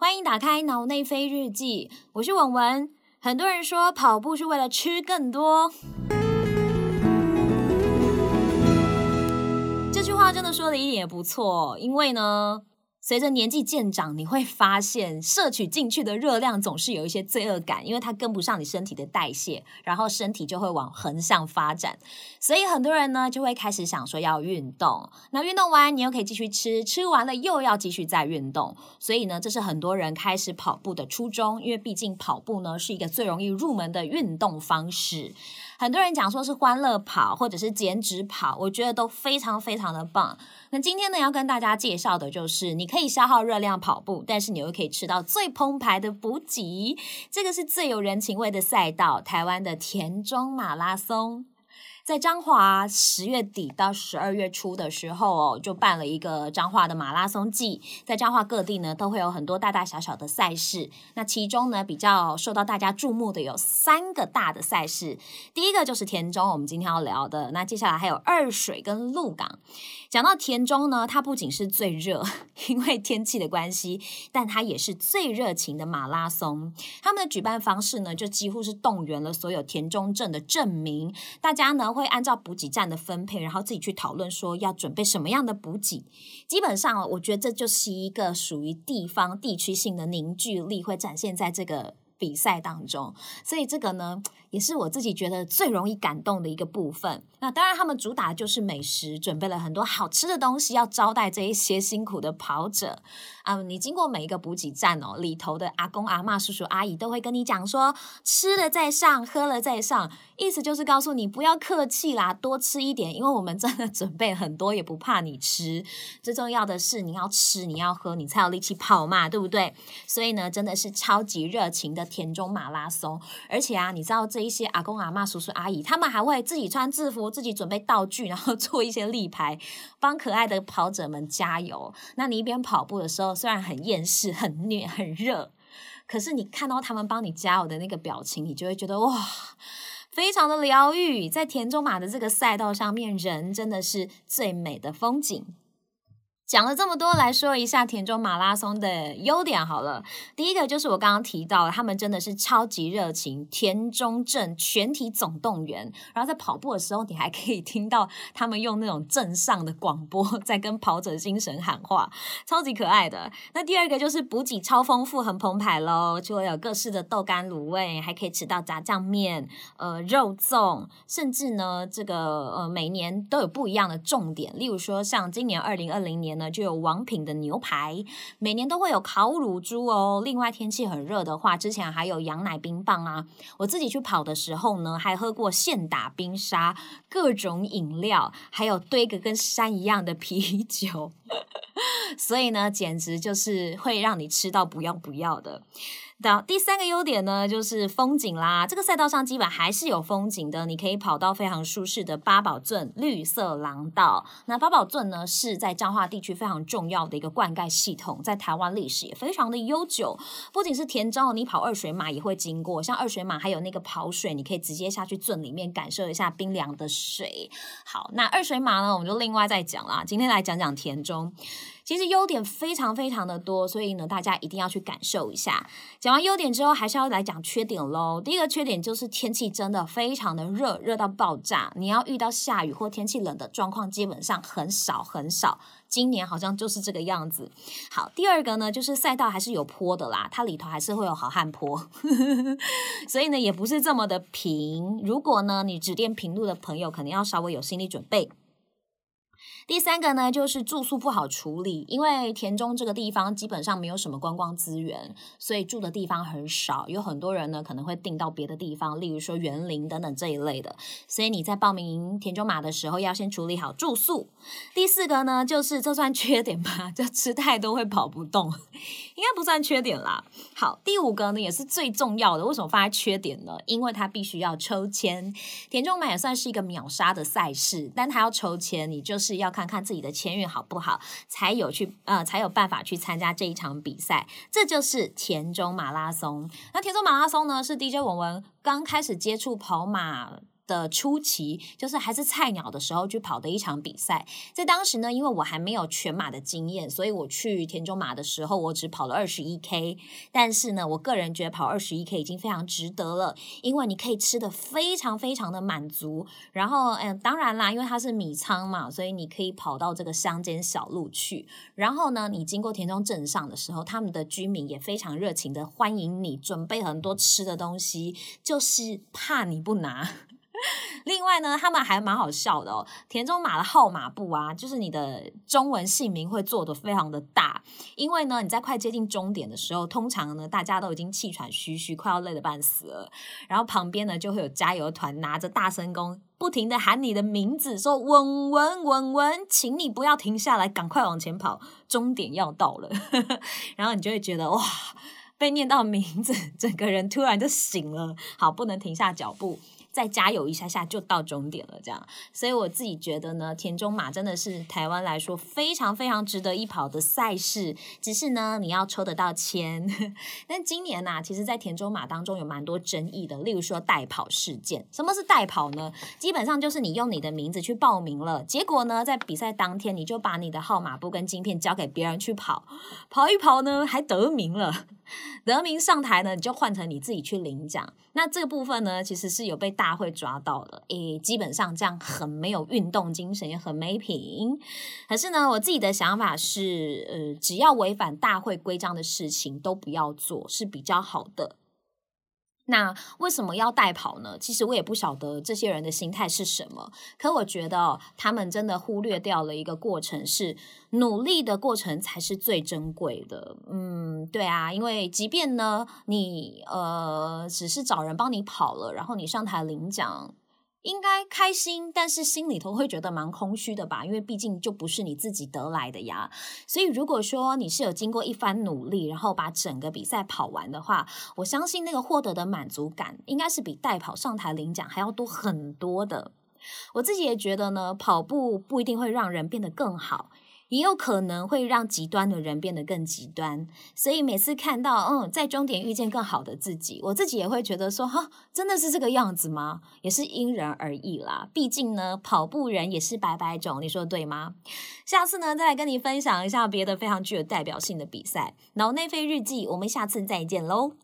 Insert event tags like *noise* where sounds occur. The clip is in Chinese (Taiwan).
歡迎打開腦內啡日記，我是文文。很多人說跑步是為了吃更多，這句話真的說的一點也不錯，因為呢。隨着年紀漸長，你會發現攝取進去的熱量總是有一些罪惡感，因為它跟不上你身體的代謝，然後身體就會往橫向發展。所以很多人呢，就會開始想說要運動。那運動完你又可以繼續吃，吃完了又要繼續再運動。所以呢，這是很多人開始跑步的初衷，因為畢竟跑步呢，是一個最容易入門的運動方式。很多人講說是歡樂跑或者是減脂跑，我覺得都非常非常的棒。那今天呢，要跟大家介紹的就是你可以消耗熱量跑步，但是你又可以吃到最澎湃的補給，這個是最有人情味的賽道——台灣的田中馬拉松。在彰化，十月底到十二月初的時候哦，就辦了一個彰化的馬拉松季。在彰化各地呢，都會有很多大大小小的賽事。那其中呢，比較受到大家注目的有三個大的賽事。第一個就是田中，我們今天要聊的。那接下來還有二水跟鹿港。講到田中呢，它不僅是最熱，因為天氣的關係，但它也是最熱情的馬拉松。他們的舉辦方式呢，就幾乎是動員了所有田中鎮的鎮民，大家呢。會按照補給站的分配，然後自己去討論說要準備什麼樣的補給。基本上哦，我覺得這就是一個屬於地方、地區性的凝聚力，會展現在這個。比賽當中，所以這個呢，也是我自己覺得最容易感動的一個部分。那當然，他們主打的就是美食，準備了很多好吃的東西要招待這一些辛苦的跑者。啊、嗯，你經過每一個補給站哦，裡頭的阿公阿嬤、叔叔阿姨都會跟你講說：“吃了再上，喝了再上。”意思就是告訴你不要客氣啦，多吃一點，因為我們真的準備很多，也不怕你吃。最重要的是，你要吃，你要喝，你才有力氣跑嘛，對不對？所以呢，真的是超級熱情的。田中馬拉松，而且啊，你知道這一些阿公阿嬤、叔叔阿姨，他們還會自己穿制服、自己準備道具，然後做一些立牌，幫可愛的跑者們加油。那你一邊跑步的時候，雖然很厭世、很虐、很熱，可是你看到他們幫你加油的那個表情，你就會覺得哇，非常的療癒。在田中馬的這個賽道上面，人真的是最美的風景。講了這麼多，來說一下田中馬拉松的優點好了。第一個就是我剛剛提到他們真的是超級熱情，田中鎮全體總動員。然後在跑步的時候，你還可以聽到他們用那種鎮上的廣播在跟跑者精神喊話，超級可愛的。那第二個就是補給超豐富，很澎湃嘍，除了有各式的豆干滷味，還可以吃到炸醬麵、呃肉粽，甚至呢這個呃每年都有不一樣的重點，例如說像今年二零二零年，就有王品的牛排，每年都會有烤乳豬哦。另外天氣很熱的話，之前還有羊奶冰棒啊。我自己去跑的時候呢，還喝過現打冰沙、各種飲料，還有堆個跟山一樣的啤酒， *laughs* 所以呢，簡直就是會讓你吃到不要不要的。到、啊、第三個優點呢，就是風景啦。這個賽道上基本還是有風景的，你可以跑到非常舒適的八堡圳綠色廊道。那八堡圳呢，是在彰化地區非常重要的一個灌溉系統，在台灣歷史也非常的悠久。不僅是田中，你跑二水馬也會經過，像二水馬還有那個跑水，你可以直接下去圳裡面感受一下冰涼的水。好，那二水馬呢，我們就另外再講啦。今天來講講田中。其實優點非常非常的多，所以呢，大家一定要去感受一下。講完優點之後，還是要來講缺點嘍。第一個缺點就是天氣真的非常的熱，熱到爆炸。你要遇到下雨或天氣冷的狀況，基本上很少很少。今年好像就是這個樣子。好，第二個呢，就是賽道還是有坡的啦，它裡頭還是會有好漢坡， *laughs* 所以呢，也不是這麼的平。如果呢，你只練平路的朋友，可能要稍微有心理準備。第三個呢，就是住宿不好處理，因為田中這個地方基本上沒有什麼觀光資源，所以住的地方很少。有很多人呢，可能會訂到別的地方，例如說員林、等等這一類的。所以你在報名田中馬的時候，要先處理好住宿。第四個呢，就是這算缺點吧？ *laughs* 就吃太多會跑不動， *laughs* 應該不算缺點啦。好，第五個呢，也是最重要的，為什麼放在缺點呢？因為它必須要抽籤，田中馬也算是一個秒殺的賽事，但它要抽籤，你就是要。看看自己的籤運好不好，才有去呃，才有辦法去參加這一場比賽。這就是田中馬拉松。那田中馬拉松呢，是 DJ 文文剛開始接觸跑馬的初期，就是還是菜鳥的時候去跑的一場比賽，在當時呢，因為我還沒有全馬的經驗，所以我去田中馬的時候，我只跑了二十一 K。但是呢，我個人覺得跑二十一 K 已經非常值得了，因為你可以吃得非常非常的滿足。然後，嗯、哎，當然啦，因為它是米倉嘛，所以你可以跑到這個鄉間小路去。然後呢，你經過田中鎮上的時候，他們的居民也非常熱情的歡迎你，準備很多吃的東西，就是怕你不拿。另外呢，他們還蠻好笑的哦。田中馬的號碼布啊，就是你的中文姓名會做得非常的大，因為呢，你在快接近終點的時候，通常呢，大家都已經氣喘吁吁，快要累得半死了。然後旁邊呢，就會有加油團拿着大聲公，不停地喊你的名字，說文文文文，請你不要停下來，趕快往前跑，終點要到了。 *laughs* 然後你就會覺得哇，被念到名字，整個人突然就醒了，好，不能停下腳步。再加油一下下就到終點了，這樣。所以我自己覺得呢，田中馬真的是台灣來說非常非常值得一跑的賽事，只是呢，你要抽得到籤。 *laughs* 但今年啊，其實，在田中馬當中有蠻多爭議的，例如說代跑事件。什麼是代跑呢？基本上就是你用你的名字去報名了，結果呢，在比賽當天你就把你的號碼布跟晶片交給別人去跑，跑一跑呢還得名了。得名上台呢，你就換成你自己去領獎。那這個部分呢，其實是有被大會抓到的。誒、欸，基本上這樣很沒有運動精神，也很沒品。可是呢，我自己的想法是，呃，只要違反大會規章的事情都不要做，是比較好的。那為什麼要代跑呢？其實我也不曉得這些人的心態是什麼，可我覺得、哦、他們真的忽略掉了一個過程，是努力的過程才是最珍貴的。嗯，對啊，因為即便呢，你呃只是找人幫你跑了，然後你上台領獎。應該開心，但是心裡頭會覺得蠻空虛的吧，因為畢竟就不是你自己得來的呀。所以如果說你是有經過一番努力，然後把整個比賽跑完的話，我相信那個獲得的滿足感，應該是比代跑上台領獎還要多很多的。我自己也覺得呢，跑步不一定會讓人變得更好。也有可能會讓極端的人變得更極端，所以每次看到，嗯，在終點遇見更好的自己，我自己也會覺得說，哈，真的是這個樣子嗎？也是因人而異啦。畢竟呢，跑步人也是百百種，你說對嗎？下次呢，再來跟你分享一下別的非常具有代表性的比賽。腦內啡日記，我們下次再見嘍。